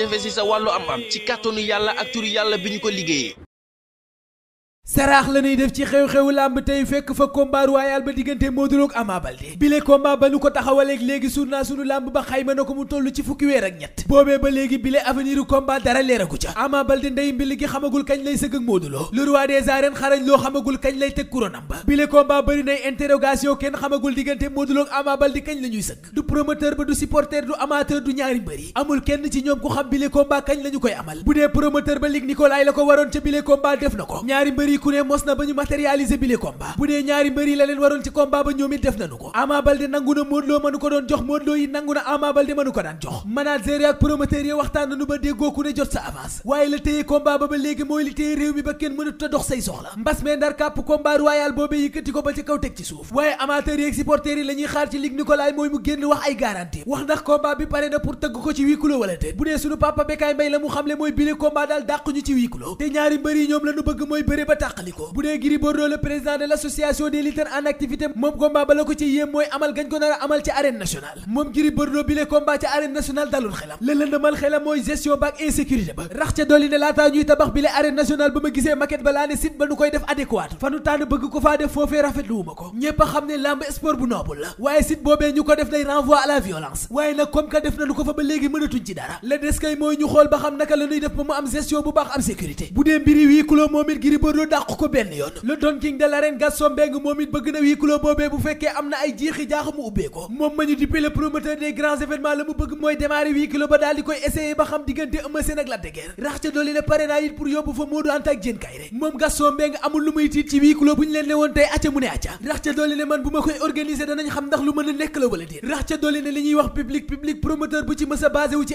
jafe-jafe si sa wàllu am am ci kàttanu yàlla ak turu yàlla bi ñu ko liggéeyee saraax la ñuy def ci xew-xewu làmb tey fekk fa combat royal ba diggante Modou Lo ak Ama Baldé bile combat ba nu ko taxawaleeg léegi suur naa sunu làmb ba xayma na ko mu toll ci fukki weer ak ñett boobee ba léegi bile aveniru combat dara leeragu ca Ama Baldé ndey mbili gi xamagul kañ lay sëgg ak Modou Lo le roi des arènes loo xamagul kañ lay teg couronam ba bile combat bëri nay interrogation kenn xamagul diggante Modou Lo ak kañ la ñuy sëgg du promoteur ba du supporter du amateur kenn ci ñoom ku xam bile combat la ñu koy amal bu dee promoteur ba Luc ko waroon ca bile combat def na ko ñaari mbëri ku ne mos na ba ñu matérialiser bi li combat bu dee ñaari mbër yi la leen waroon ci combat ba ñoom def nañu ko Ama Baldé nangu na Modou Lo mënu ko doon jox Modou yi nangu na Ama Baldé mënu ko daan jox manager ak promoteur waxtaan nañu ba déggoo ku ne jot sa avance waaye la téye combat ba ba léegi mooy li téye réew mi ba kenn mënut a dox say soxla mbas mee ndar kàpp combat royal boobee yëkkati ko ba ci kaw teg ci suuf waaye amateurs yi ak supporters yi la ñuy xaar ko ci huis mooy bile combat daal dàqu ñu tàqalikoo bu dee Gris Bordeaux président de l' association des en activité moom combat ba ko ci yéem mooy amal gañ ko nar amal ci arène nationale moom Gris Bordeaux bi le combat nationale dalul xelam la lëndamal xelam mooy gestion ba ak insécurité ba rax ca dolli ne laataa ñuy tabax bi le nationale ba ma gisee maquette ba ne site ba nu koy def adéquate fanu tànn bëgg ko faa def foofee rafetlu ko ñépp xam ne lamb sport bu noble la waaye dàq ko benn yoon le Don King de l'arène Gaston Mbengue moom it bëgg na huis boobee bu fekkee am na ay jiixi jaax mu ubbee ko moom ma ñu dippee le promoteur des grands événements la mu bëgg mooy démarrer huis ba daal di koy essayer ba xam diggante Eumeu Sène ak Lac de Guiers rax ca dolli ne pare naa it pour yóbbu fa Modou Anta ak Diène Kaïré moom Gaston Mbengue amul lu muy tiit ci huis bu ñu leen ne woon tey acca mu ne acca rax ca dolli ne man xam ndax lu mën a nekk la wala déet rax ca dolli a basé wu ci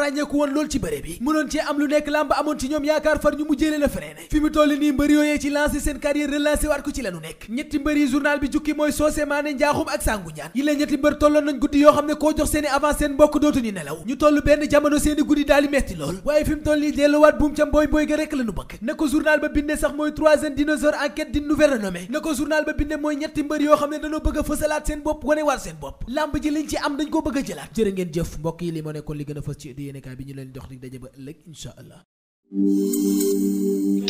ràññeeku woon lool ci bëre bi mënoon cee am lu nekk làmb amoon ci ñoom yaakaar far ñu mu jëlee la freiné fi mu nii mbër yooyee ci lancé seen carrière relancé waat ko ci la nekk ñetti mbër yi journal bi jukki mooy soose maane njaaxum ak sàngu ñaan yi la ñetti mbër tolloon nañ guddi yoo xam ne koo jox seen avance seen mbokk dootu ñu nelaw ñu toll benn jamono seen guddi daal metti lool waaye fi mu toll nii delluwaat buum ca mbooy mbooy ko journal ba binde sax mooy troisième dinosaure en quête d'une nouvelle renommée ne dañoo a fësalaat a jëlaat yéenekaay bi ñu leen jox dig daje ba ëllëg incha allah